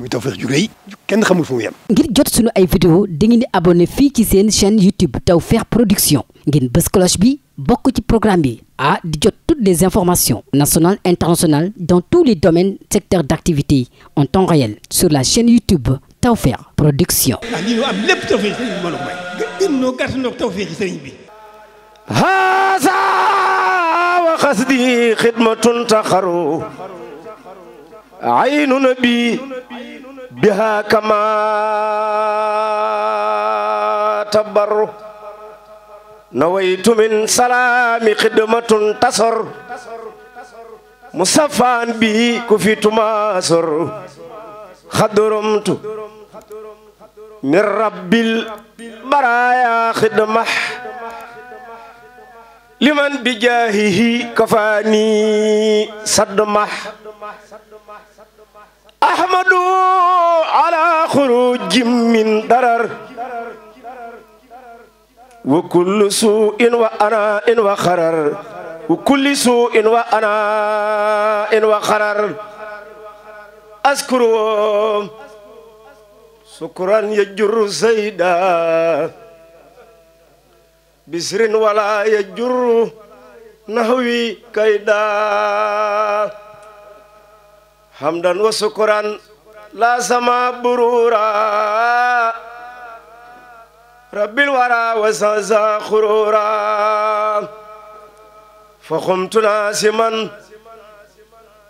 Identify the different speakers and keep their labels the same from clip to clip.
Speaker 1: muy Tawfekh ju rëy kenn xamul fu mu yem. ngir jot sunu ay vidéo dangeen di abonné fii ci seen chaîne YouTube Tawfekh Production ngeen bës bi bokk ci programme bi ah di jot toutes les informations nationales internationales dans tous les domaines secteurs d'activité en temps réel sur la chaîne YouTube Tawfekh Production. ah lii ñu am lépp Tawfekh sëriñ bi ma la may. gën noo gàtt noo Tawfekh sëriñ bi. haasa عين نبي بها كما تبر نويت من سلام خدمة تصر مصفان به كفيت ماسر خدرمت من رب البرايا خدمة لمن بجاهه كفاني صدمه ahmadu ala xuruj min darar wa kulli su'in wa ana in wa xarar wa kulli su'in wa ana in wa xarar askuru sukran yajur zayda bisrin wala yajur nahwi kayda hamdan wa sukuran la sama burura rabbil wara wa sanza khurura fa khumtu nasiman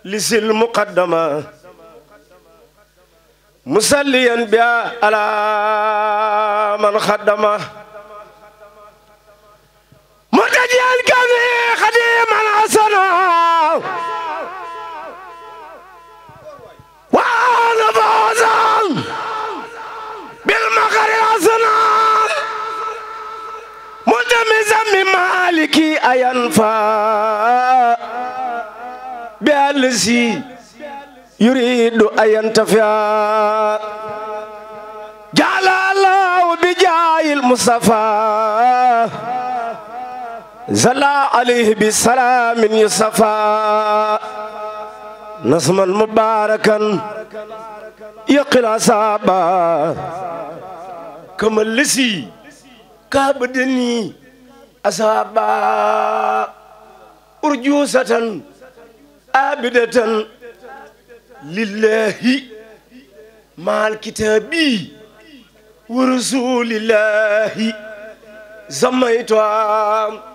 Speaker 1: lisil muqaddama musalliyan biya ala man khaddama mutajiyan kami khadiman asana تفوزا بالمغر حسنا مدمزا من مالك أينفع بالذي يريد أن ينتفع جعل الله بجاه المصطفى زلا عليه بسلام يصفى نسما مباركا يقل أصابا كما لسي كابدني أصابا أرجوسة عابدة لله مع الكتاب ورسول الله زميتها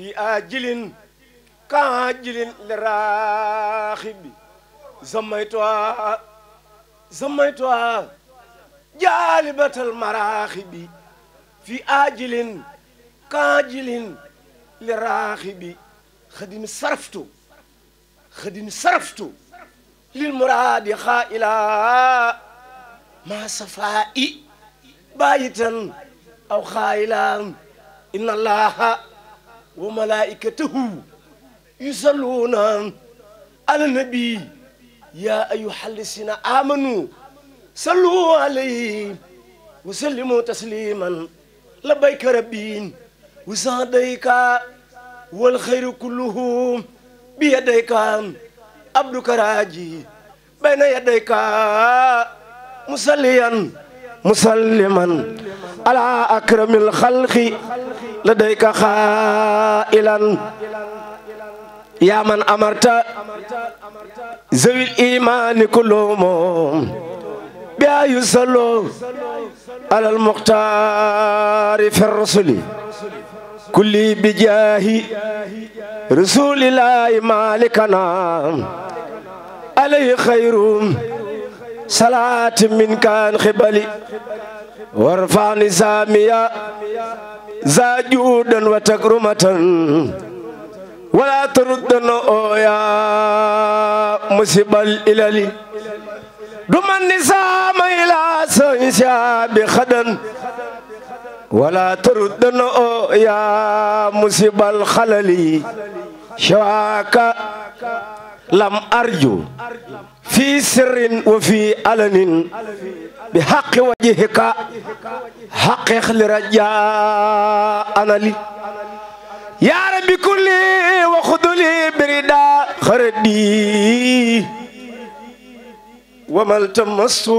Speaker 1: في آجل كآجل لراخب زميتها زميتها جالبة المراخب في آجل كآجل لراخب خدم صرفت خدم صرفت للمراد خائلا ما صفائي بايتا أو خائلا إن الله wa malaa'ikatahu yusalluuna ala nabi yaa ayyuha allasina amanu sallu alayhi wa sallimu tasliman labayka rabbi wa saadayka wal xayru kulluhu bi yadayka abduka raaji bayna yadayka musalliyan musalliman ala akramil xalqi لديك خائلا يا من أمرت ذوي الإيمان كلهم بأن يصلوا على المختار في الرسل كل بجاه رسول الله مالكنا عليه خير صلاة من كان خبلي وارفع نزامي za juudan wa takrumatan wala taruddan oya musibal ilali duman nisama ila sansa bi khadan wala taruddan oya musibal khalali shawaka lam arju fi sirrin wa fi alanin bi haqqi wajhika حقق لرجاء أنا لي يا ربي كلي وخذ لي بردا خردي وما التمس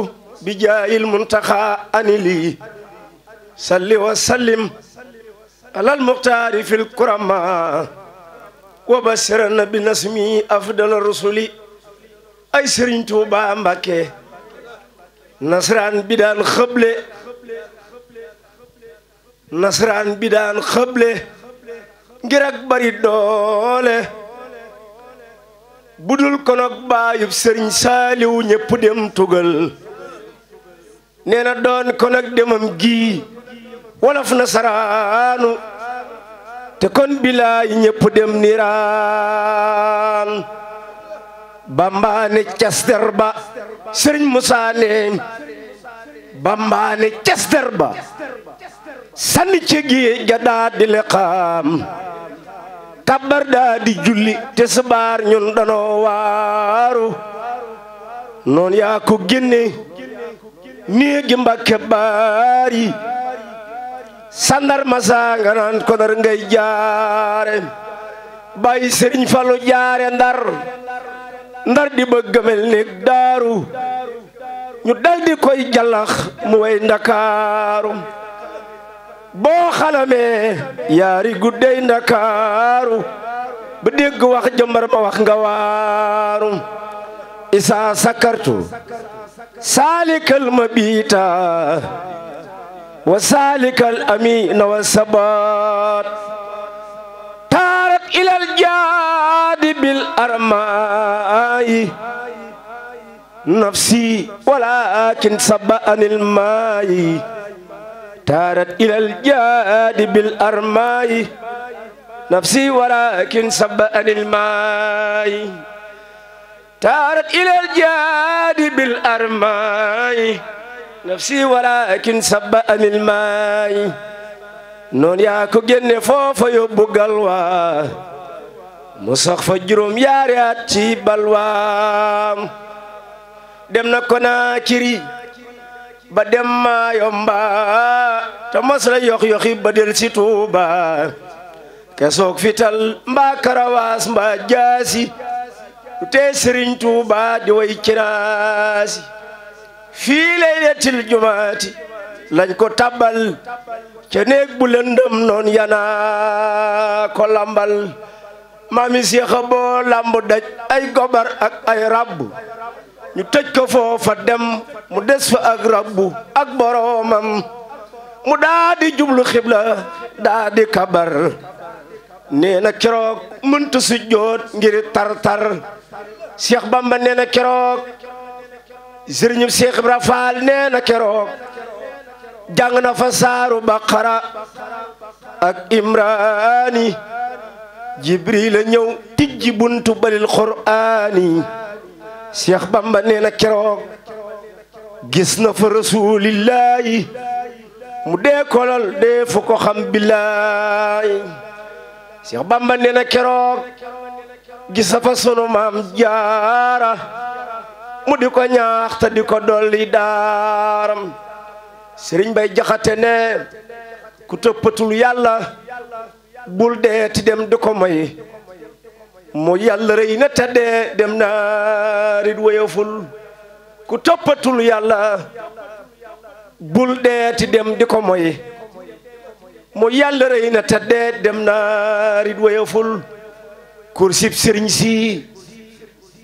Speaker 1: بجاه المنتخى أنا لي صلي وسلم على المختار في الكرمة وبشرنا بنسمي أفضل الرسل أي سرين توبا مبكي nasraan bi daan xëble nasraan bi daan xëble ngir ak bari doole budul konok baayub sëriñ saaliw ñépp dem tugal nee doon konok demam gii wolof nasaraanu te kon bilaay ñépp dem niraan bambaane caster ba sëriñ musaane bambaane caster ba sànni ci gi ja daa di leqaam kabar daa di julli te sabaar ñun danoo noon yaa ko génne néegi Mbàkke baari sandar masa nga naan ko dar ngay jaare bàyyi Sëriñ Fallu jaare ndar ndar di bëgg mel néeg daaru ñu daldi koy jallax mu way ndakaaru boo xalamee yaari guddey ndakaaru bu dégg wax jëmbar ba wax nga waarum isaa sakartu saalikal mabiita wa saalikal amina wa sabat taarat ilal jaadi bil armaayi nafsi walakin saba maayi تارت إلى الجاد بالأرماء نفسي ولكن سبأ الماء تارت إلى الجاد بالأرماء نفسي ولكن سبأ الماء نون ياكو جن فوفا يبو قلوا مسخ فجرم ياريات تي بلوام دمنا كنا كري ba dem maa yomba te mos la yox ba del si Tuuba kesoog fital mbaa karawaas mbaa jaasi du tee Tuuba di way kiraasi fii laylatil jumaati lañ ko tabal ca néeg bu lëndëm noon yanaa ko lambal maami seexa boo lamb daj ay gobar ak ay rabb ñu tëj ko foofa dem mu des fa ak rabbu ak boroomam mu daadi jublu xibla daa di kabar nee na keroog mënta sujjoot ngir tar-tar Cheikh Bamba nee keroog sëriñu Cheikh Ibra Fall nee keroog jàng na fa saaru baqara ak imraani jibril ñëw tijji buntu balil qur'aani Cheikh Bamba nee na keroog gis na fa rasulillahi mu dee kolal dee fu ko xam billahi Cheikh Bamba nee keroog gis fa sunu maam jaara mu di ko ñaax te di ko dolli daaram Serigne Bay Jaxate ne ku toppatul yàlla bul dee ti dem di ko may mu yàlla rëy na tàddee dem naarit woyoful ku toppatul yàlla bul deeti dem di ko moy mu yàlla rey na tàddee dem na naarit woyoful kursib sëriñ si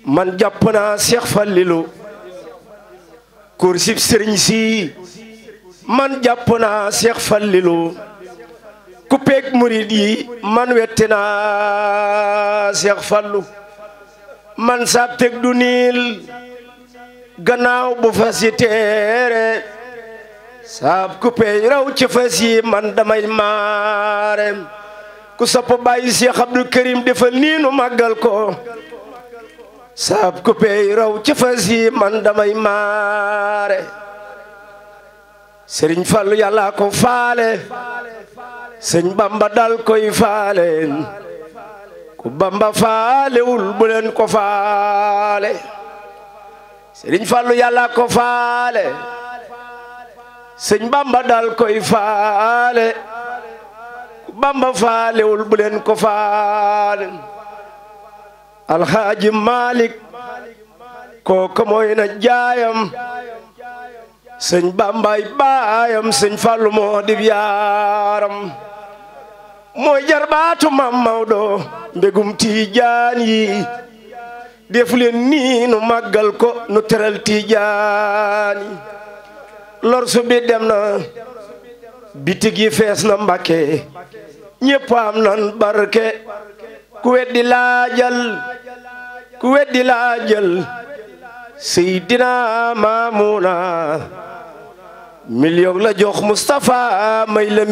Speaker 1: man jàpp naa Cheikh Fallilou kursib sëriñ si man na naa Cheikh Fallilou ku peeg murid yi man wettina Cheikh Fallou man saab teg du niil gannaaw bu fas yi teere saab ku peeg raw ci yi man damay maarem ku sopp bàyyi Cheikh Abdou Karim defal nii nu màggal ko saab ku peeg raw ci fas yi man damay maare Serigne Fallou yàlla faale sëñ bamba dal koy faale ku bamba ko faale sëriñ fàllu ko faale sëñ bamba dal koy faale ku bamba faalewul bu leen ko faale alxaaji malik kooka mooy na jaayam sëñ bambay baayam sëñ fàllu moo yaaram mooy jarbaatu mam Maodo mbégum tiijaan yi def nii nu màggal ko nu teral tiijaan yi lor su na bitik yi fees na Mbàkke ñépp am nan barke ku weddi laajal ku weddi laajal Seydina Maamuna million la jox Mustapha may la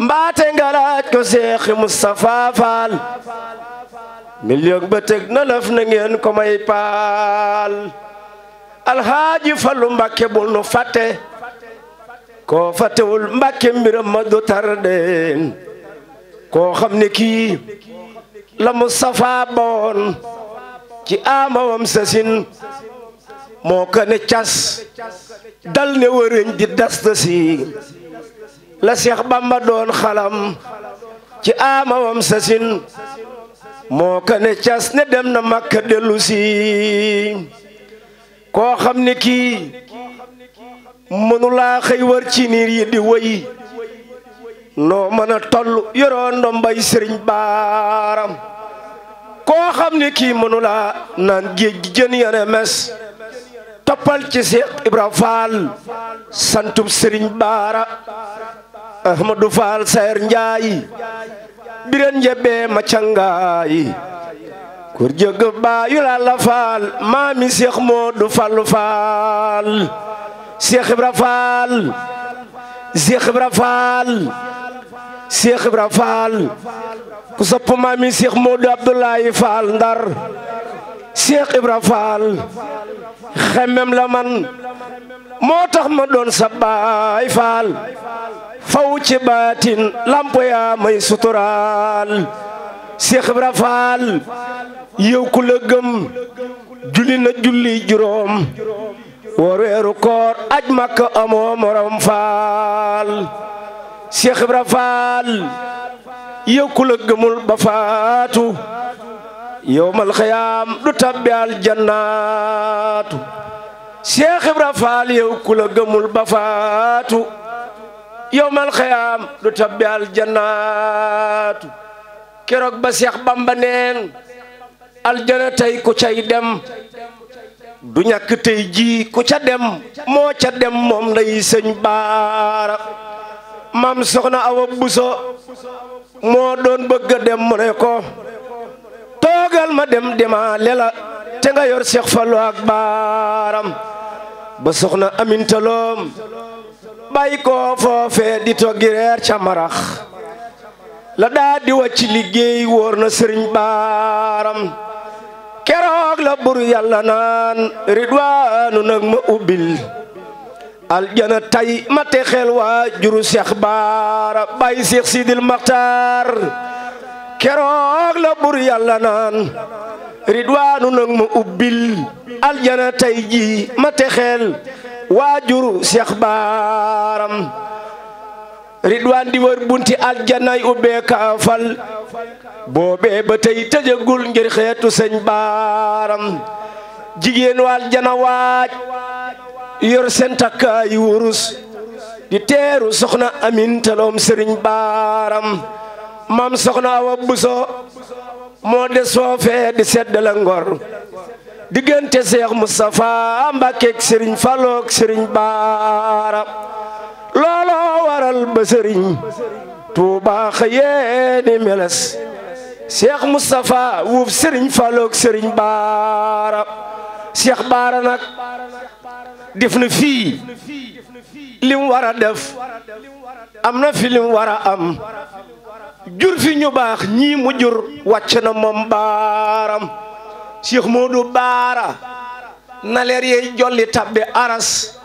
Speaker 1: mbaate nga ko seexi Moustapha million ba teg na laf na ngeen ko may paal alxaaji Fallu Mbàkke bul nu fàtte koo fàttewul Mbàkke mbiram ma du tardeen koo xam ne kii la Moustapha boon ci amawam sasin moo ko ne cas dal ne wërëñ di dasta si la Seex Bamba doon xalam ci amawam sasin moo ko ne cas ne dem na Makka dellu koo xam ne kii mënulaa xëy wër ci niir yi di woy noo mën a toll yoroo ndombay sëriñ baaram koo xam ne kii mënulaa naan géej gi jën mes toppal ci Seex Ibra Faal santum sëriñ baara ahmadu faal sayer njaayi biren njebe ma cangayi kur jëg baayu lalla faal maami seex moodu fallu faal seex ibra faal seex ibra faal seex ibra faal ku sopp maami seex moodu abdullahi faal ndar seex ibra faal xemem la man moo tax ma doon sa faal faw ci baatin lampo yaa may suturaal Seex Ibra Faal yow ku la gëm julli na julli juróom woor weeru koor aj makka amoo morom faal Seex Ibra Faal yow ku gëmul ba faatu yow mal du tabbi aljannaatu Seex Ibra Faal yow ku gëmul ba faatu yowmal xiyaam du tabbi aljannaatu keroog ba seex bamba neen aljana tey ku cay dem du ñàkk tey jii ku ca dem moo ca dem moom day sëñ baara mam soxna awa buso moo doon bëgg a dem mu toogal ma dem demaa lela te nga yor seex fallu ak baaram ba soxna amintalom bay ko foofe di toggi reer ca marax la daa di wàcc liggéey woor na sëriñ baaram keroog la bur yàlla naan ridwaanu nag ma ubbil aljana tay ma te xel juru seex baara bay seex maxtaar keroog la bur yàlla naan ridwaanu nag ma ubbil aljana tay ji ma te waajuru Cheikh Baaram ridwaan di wër bunti aljanay ubbee kaafal boobee ba tey tëjagul ngir xeetu sëñ baaram jigéen wa aljana waaj yor seen wurus di teeru soxna amin taloom sëriñ baaram maam soxna awa buso moo des foofee di seddala ngor diggante Seex Moustapha Mbàkke Sëriñ Fallu ak Sëriñ Baara looloo waral ba Sëriñ Tuubaa xëyee ni meles Seex Moustapha wuuf Sëriñ Fallu ak Sëriñ Baara Seex Baara nag def na fi lim war a def am na fi lim war a am jur fi ñu baax ñii mu jur wàcc na moom baaram Cheikh Modou Baara na leer yey jolli tabbe aras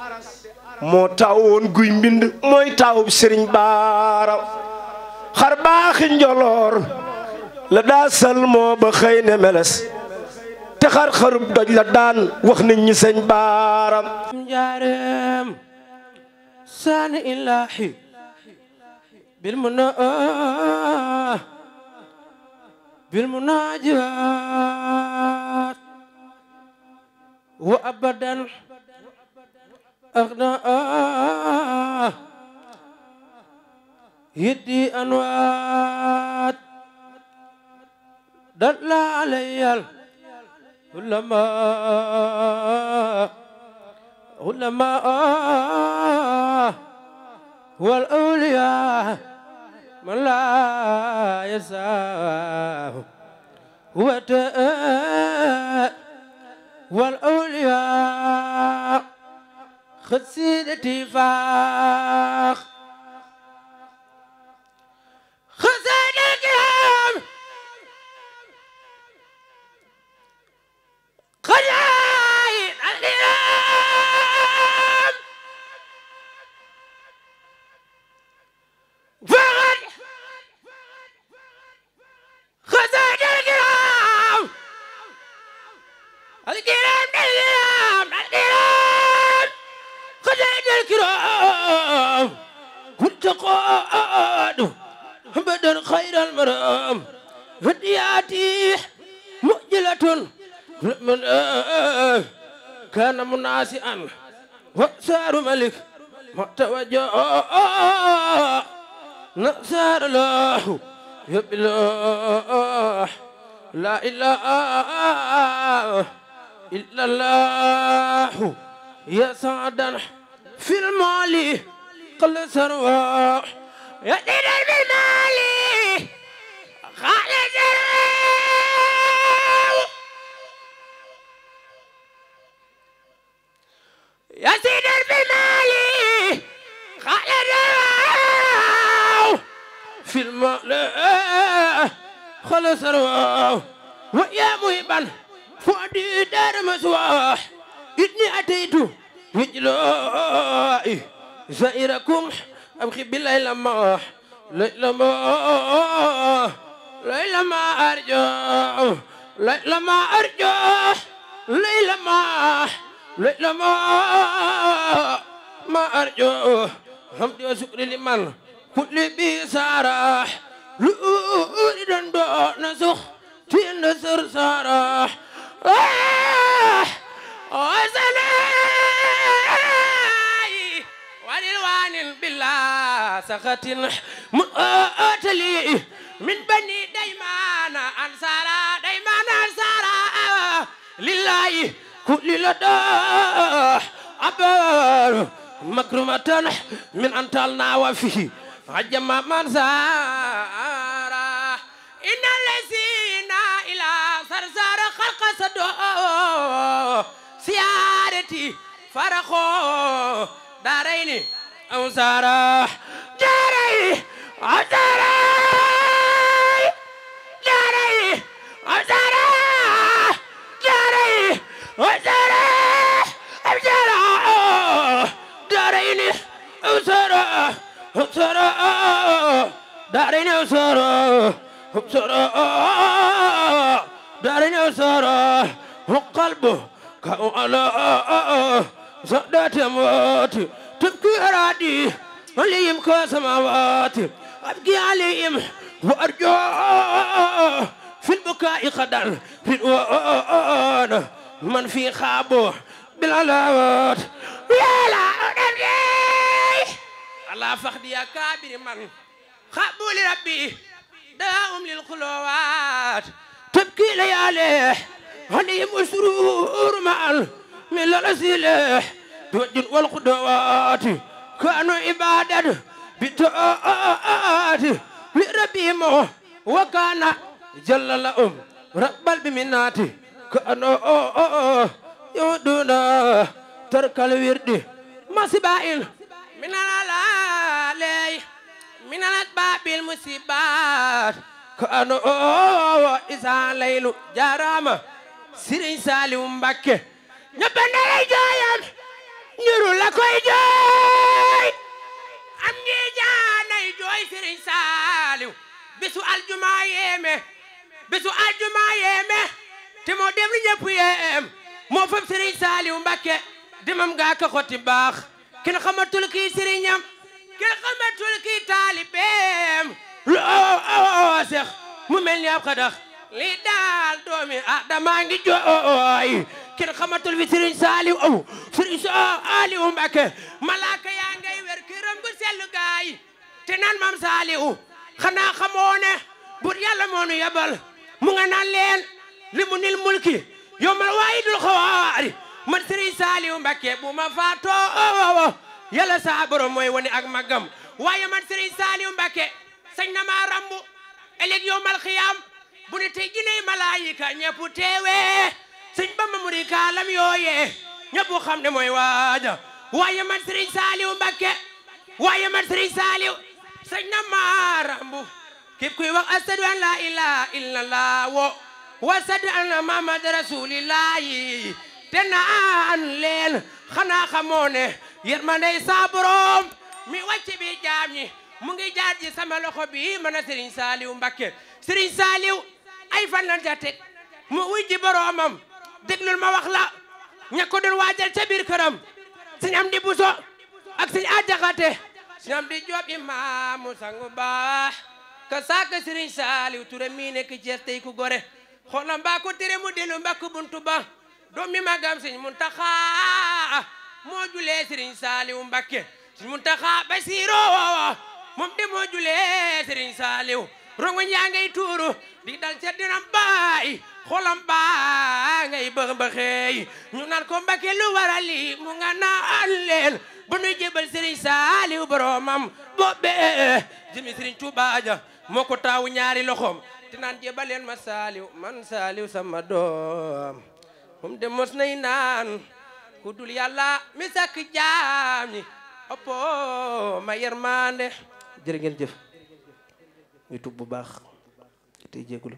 Speaker 1: moo taawoon guy mbind mooy taawub Serigne Baara xar baaxi njoloor la daa moo ba xëy ne meles te xar xarub doj la daan wax nit ñi sëñ baaram
Speaker 2: njaareem bil mu na بالمناجات وأبدا أغنى يدي أنوات دل علي العلماء علماء والأولياء من لا يساه هو والأولياء خذ سيدتي فاخ خزانتهم خلع تقاد بدر خير المرام فدياتي مؤجلة من كان مناسئا وصار ملك متوجه نصار الله يبلاه لا إله إلا الله يا سعدا في المال قل ثروة
Speaker 1: يدير بالمال خالد
Speaker 2: يزيد بالمال خالد في المال خلص ثروة سائركم أبخي بالله لما لما لما أرجو لما أرجو لما لما ما أرجو حمد وشكر لمن كل بي سارح لؤلؤ دندو نسخ تين سر سارح آه آه ثمان بلا سخط مؤتلي من بني ديمان أنصارا ديمان أنصارا لله كل لدى أبر مكرمة من أنطالنا وفيه عجم من سارا إن الذين إلى سرسار خلق صدو سيارتي فرخو داريني أوزارا جاري أوزارا جاري أوزارا جاري أوزارا أوزارا داريني أوزارا أوزارا داريني أوزارا أوزارا داريني أوزارا وقلبه كأولا صدات موتي تبكي أرادي عليهم كسماوات أبكي عليهم وأرجو في البكاء قدر فرعون من في خابه بالعلاوات يا لا أدري على فخدي يا كابر من خابوا لربي داهم للقلوات تبكي لياليه عليهم أسرور من الأسلح doƴƴin wolko dooti kanu ibadat bi tooti wi rabimo wo kana jallala um rabbal bi minati kano yuduna tarkal wirdi masiba in minana laaley minanat babil musibat kano isa laylu jarama siriñ saliw mbakke ñebe nderay jaayan ñuru la koy jooy am ñi jaanay jooy sëriñ saaliw bisu aljuma bisu aljuma yéeme moo dem li moo fab sëriñ saaliw mbakke dimam gaa ka xotti baax kenn xamatul kii sëriñam kenn xamatul kii taalibeem lu oo mu mel ni xadax li daal doomi adama ngi jooy kenn xamatul fi Serigne Saliou aw Serigne Saliou Mbacké malaaka yaa ngay wer këram bu sellu gaay te naan maam Saliou xanaa xamoo ne bur yàlla moo nu mu nga naan leen li mu nil mulki yow mal waayi dul xawaari man Serigne Saliou Mbacké bu ma faatoo yàlla saa borom mooy wane ak magam waaye man Serigne Saliou Mbacké sañ na maa rambu ëllëg yow mal xiyaam bu ne tey jiney malaayika ñëpp teewee sëñ Bamba mu di kaalam yooyee ñëpp xam ne mooy waaja waaye man sëriñ Saaliw Mbakke waaye man sëriñ Saaliw sëñ na maarambu képp kuy wax asadu an laa ilaaha illallah wo wa asadu anna Muhammad rasulillahi te naan leen xanaa xamoo ne yërmande sa borom mi wàcc bi jaam ñi mu ngi jaar ji sama loxo bi mën a sëriñ Saaliw Mbakke sëriñ Saaliw ay fan lan ja teg mu wuy ji boromam déglul ma wax la ña waajal ca biir këram sëñ Amdi Buso ak sëñ Ajaxate sëñ Amdi Joob imaamu sangu baax ka saaka sëriñ Saaliw Ture mii nekk Cees tey ku gore xoolam baa ko tere mu dellu mbakku buntu ba doomi magam sëñ Muntaxa moo julee sëriñ Saaliw Mbakke sëñ Muntaxa Basiiro moom de moo julee sëriñ Saaliw rongoñ yaa ngay tuuru di dal ca baay xolam baa ngay bëx bëxeey ñu naan ko mbake lu waral lii mu nga naan leen bu nuy jébal Serigne Saliou boromam boobe jëmi Serigne Touba ja taawu ñaari loxoom te naan jébaleen ma Saliou man Saliou sama doom moom de mos nay naan ku dul yàlla mi sàkk jaam ñi ma yermande jërë ngeen jëf
Speaker 1: ñu tub bu baax tey jéggulu